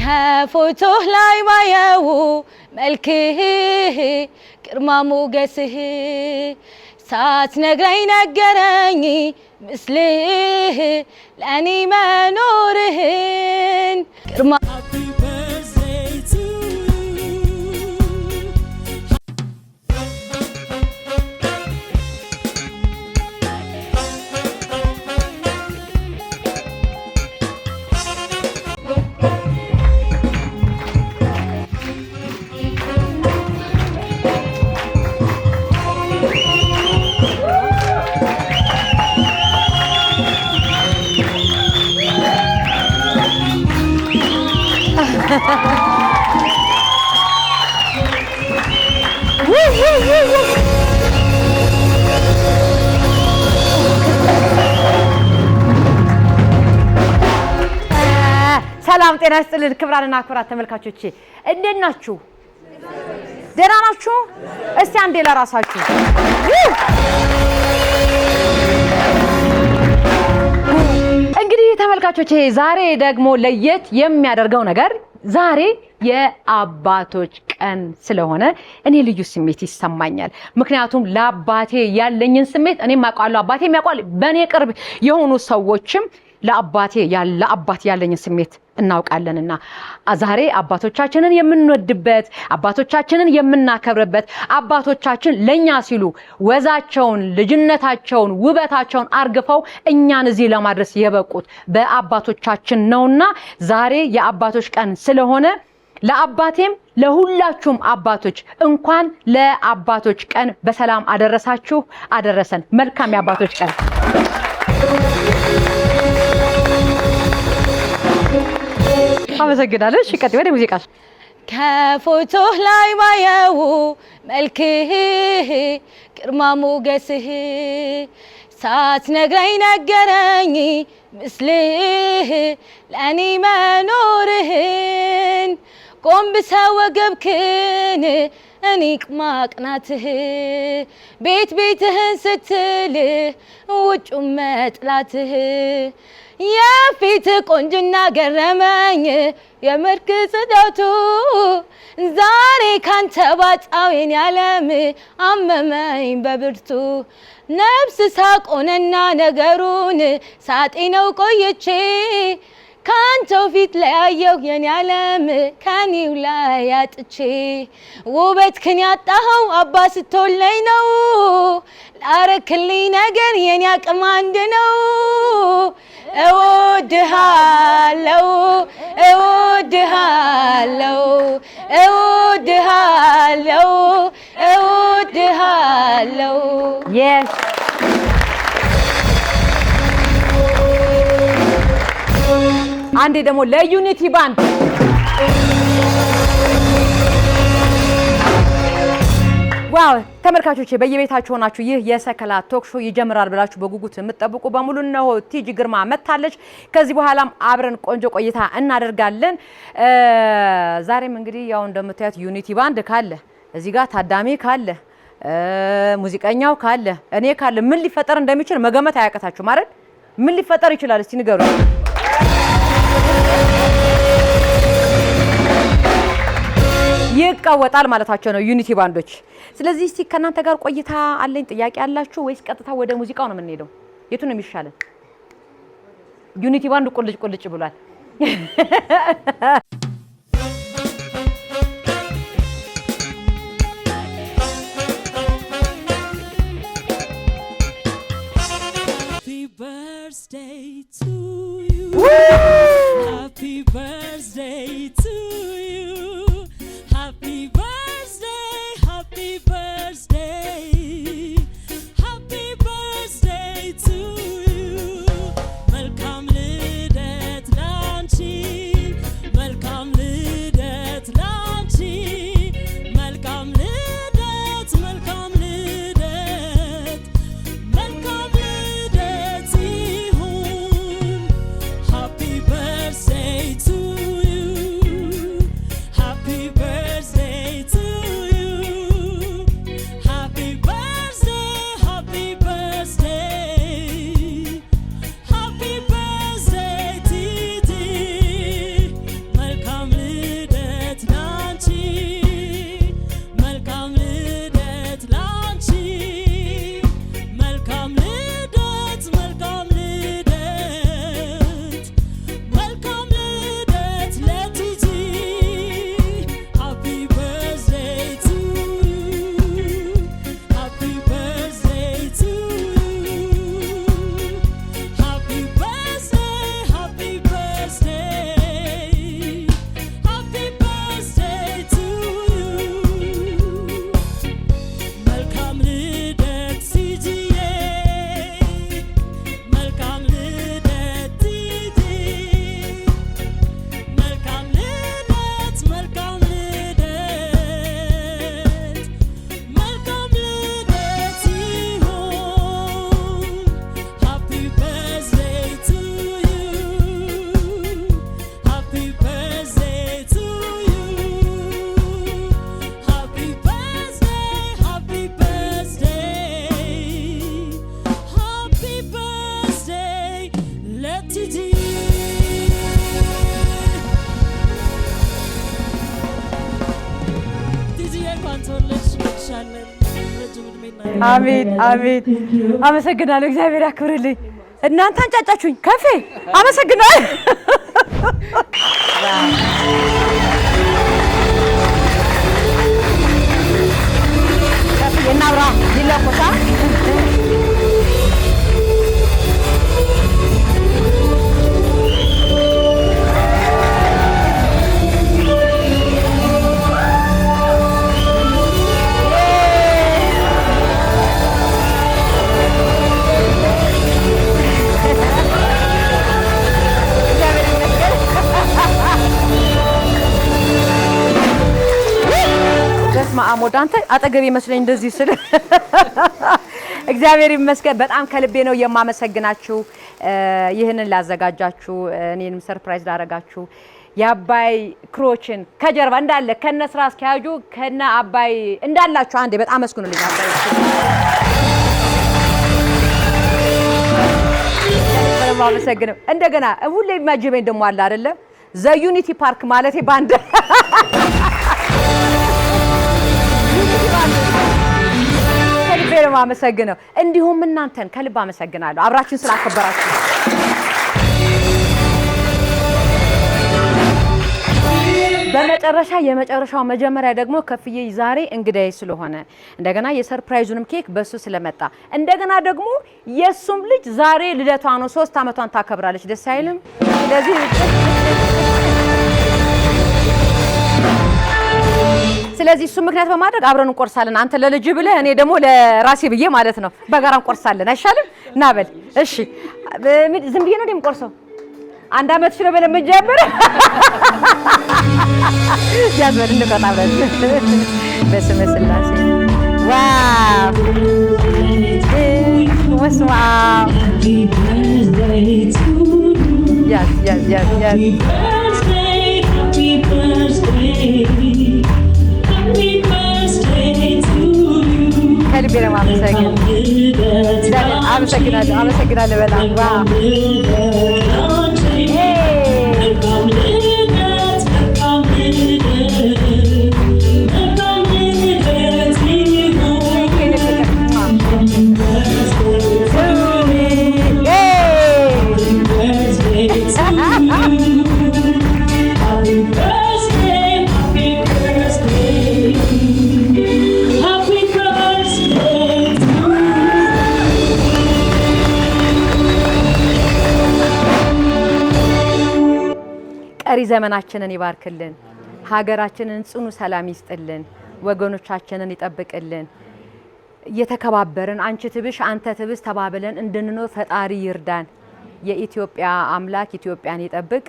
ከፎቶ ላይ ባየው መልክህ ግርማ ሞገስህ ሳትነግረኝ ነገረኝ ምስልህ ለእኔ መኖርህን ሰላም ጤና ይስጥልን። ክብራንና ክብራት ተመልካቾቼ እንዴት ናችሁ? ደህና ናችሁ? እስቲ አንዴ ለራሳችሁ እንግዲህ ተመልካቾች ዛሬ ደግሞ ለየት የሚያደርገው ነገር ዛሬ የአባቶች ቀን ስለሆነ እኔ ልዩ ስሜት ይሰማኛል። ምክንያቱም ለአባቴ ያለኝን ስሜት እኔም አውቃለሁ፣ አባቴም ያውቃል። በእኔ ቅርብ የሆኑ ሰዎችም ለአባቴ ያለ አባት ያለኝ ስሜት እናውቃለንና ዛሬ አባቶቻችንን የምንወድበት አባቶቻችንን የምናከብርበት አባቶቻችን ለእኛ ሲሉ ወዛቸውን፣ ልጅነታቸውን፣ ውበታቸውን አርግፈው እኛን እዚህ ለማድረስ የበቁት በአባቶቻችን ነውና ዛሬ የአባቶች ቀን ስለሆነ ለአባቴም ለሁላችሁም አባቶች እንኳን ለአባቶች ቀን በሰላም አደረሳችሁ አደረሰን። መልካም የአባቶች ቀን አመሰግናለሁ። እሺ፣ ቀጥይ ወደ ሙዚቃ ከፎቶ ላይ ባየው መልክህ ግርማ ሞገስህ ሳትነግረኝ ነገረኝ ምስልህ ለእኔ መኖርህ ቆንብሰ ወገብክን እኒቅ ማቅናትህ ቤት ቤትህን ስትል ውጩ መጥላትህ የፊት ቆንጅና ገረመኝ የመልክ ጽዳቱ ዛሬ ካንተ ባጣዌን ያለም አመመኝ በብርቱ ነፍስ ሳቆነና ነገሩን ሳጤነው ቆየቼ ከአንተው ፊት ለያየሁ የኔ ዓለም ከኔው ላይ አጥቼ ውበት ክን ያጣኸው አባ ስትወለኝ ነው። ላረክልኝ ነገር የኔ አቅም አንድ ነው። እወድሃለው እወድሃለው እወድሃለው እወድሃለው አንዴ ደግሞ ለዩኒቲ ባንድ ዋው ተመልካቾች በየቤታችሁ ሆናችሁ ይህ የሰከላ ቶክ ሾው ይጀምራል ብላችሁ በጉጉት የምትጠብቁ በሙሉ እነሆ ቲጂ ግርማ መታለች። ከዚህ በኋላም አብረን ቆንጆ ቆይታ እናደርጋለን። ዛሬም እንግዲህ ያው እንደምታዩት ዩኒቲ ባንድ ካለ እዚህ ጋር ታዳሚ ካለ ሙዚቀኛው ካለ እኔ ካለ ምን ሊፈጠር እንደሚችል መገመት አያቀታችሁ ማለት ምን ሊፈጠር ይችላል? እስቲ ንገሩ። ይቀወጣል ማለታቸው ነው ዩኒቲ ባንዶች። ስለዚህ እስቲ ከእናንተ ጋር ቆይታ አለኝ። ጥያቄ አላችሁ ወይስ ቀጥታ ወደ ሙዚቃው ነው የምንሄደው? የቱ ነው የሚሻለን? ዩኒቲ ባንድ ቁልጭ ቁልጭ ብሏል። አሜን አሜን። አመሰግናለሁ። እግዚአብሔር ያክብርልኝ። እናንተ አንጫጫችሁኝ። ከፌ አመሰግናለሁ። የምወድ አንተ አጠገብ ይመስለኝ እንደዚህ ስል እግዚአብሔር ይመስገን በጣም ከልቤ ነው የማመሰግናችሁ። ይህንን ላዘጋጃችሁ፣ እኔንም ሰርፕራይዝ ላረጋችሁ የአባይ ክሮችን ከጀርባ እንዳለ ከነ ስራ አስኪያጁ ከነ አባይ እንዳላችሁ አንዴ በጣም አመስግኑልኝ። አባይ አመሰግንም። እንደገና ሁሌ የሚያጀበኝ ደሞ አለ ዘ ዩኒቲ ፓርክ ማለቴ ባንድ ነው የማመሰግነው። እንዲሁም እናንተን ከልብ አመሰግናለሁ አብራችን ስላከበራችሁ። በመጨረሻ የመጨረሻው መጀመሪያ ደግሞ ከፍዬ ዛሬ እንግዳይ ስለሆነ እንደገና የሰርፕራይዙንም ኬክ በሱ ስለመጣ እንደገና ደግሞ የሱም ልጅ ዛሬ ልደቷ ነው፣ ሶስት ዓመቷን ታከብራለች። ደስ አይልም? ስለዚህ ስለዚህ እሱ ምክንያት በማድረግ አብረን እንቆርሳለን። አንተ ለልጅ ብለህ እኔ ደግሞ ለራሴ ብዬ ማለት ነው። በጋራ እንቆርሳለን አይሻልም? እና በል እሺ። ዝም ብዬ ነው የምቆርሰው። አንድ አመት ሽሮ በለ ጀምር ያዝበል እንቆጣ ብለን በስመ ስላሴ ዋው ከልቤ ነው የማመሰግን። አመሰግናለሁ። አመሰግናለሁ በጣም ቀሪ ዘመናችንን ይባርክልን። ሀገራችንን ጽኑ ሰላም ይስጥልን። ወገኖቻችንን ይጠብቅልን። እየተከባበርን አንቺ ትብሽ አንተ ትብስ ተባብለን እንድንኖር ፈጣሪ ይርዳን። የኢትዮጵያ አምላክ ኢትዮጵያን ይጠብቅ።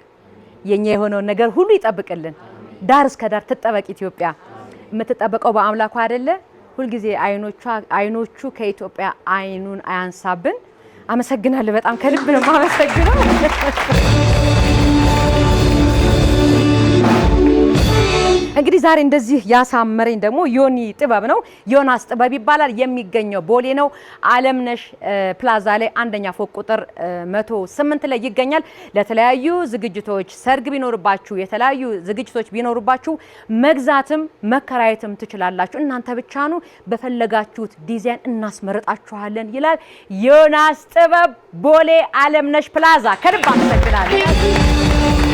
የኛ የሆነውን ነገር ሁሉ ይጠብቅልን። ዳር እስከ ዳር ትጠበቅ ኢትዮጵያ። የምትጠበቀው በአምላኩ አይደለ? ሁልጊዜ አይኖቹ ከኢትዮጵያ አይኑን አያንሳብን። አመሰግናለሁ። በጣም ከልብ ነው የማመሰግነው። እንግዲህ ዛሬ እንደዚህ ያሳመረኝ ደግሞ ዮኒ ጥበብ ነው። ዮናስ ጥበብ ይባላል። የሚገኘው ቦሌ ነው፣ አለምነሽ ፕላዛ ላይ አንደኛ ፎቅ ቁጥር 108 ላይ ይገኛል። ለተለያዩ ዝግጅቶች፣ ሰርግ ቢኖርባችሁ፣ የተለያዩ ዝግጅቶች ቢኖሩባችሁ መግዛትም መከራየትም ትችላላችሁ። እናንተ ብቻ ነው በፈለጋችሁት ዲዛይን እናስመርጣችኋለን ይላል ዮናስ ጥበብ ቦሌ አለምነሽ ፕላዛ ከልብ አመሰግናለሁ።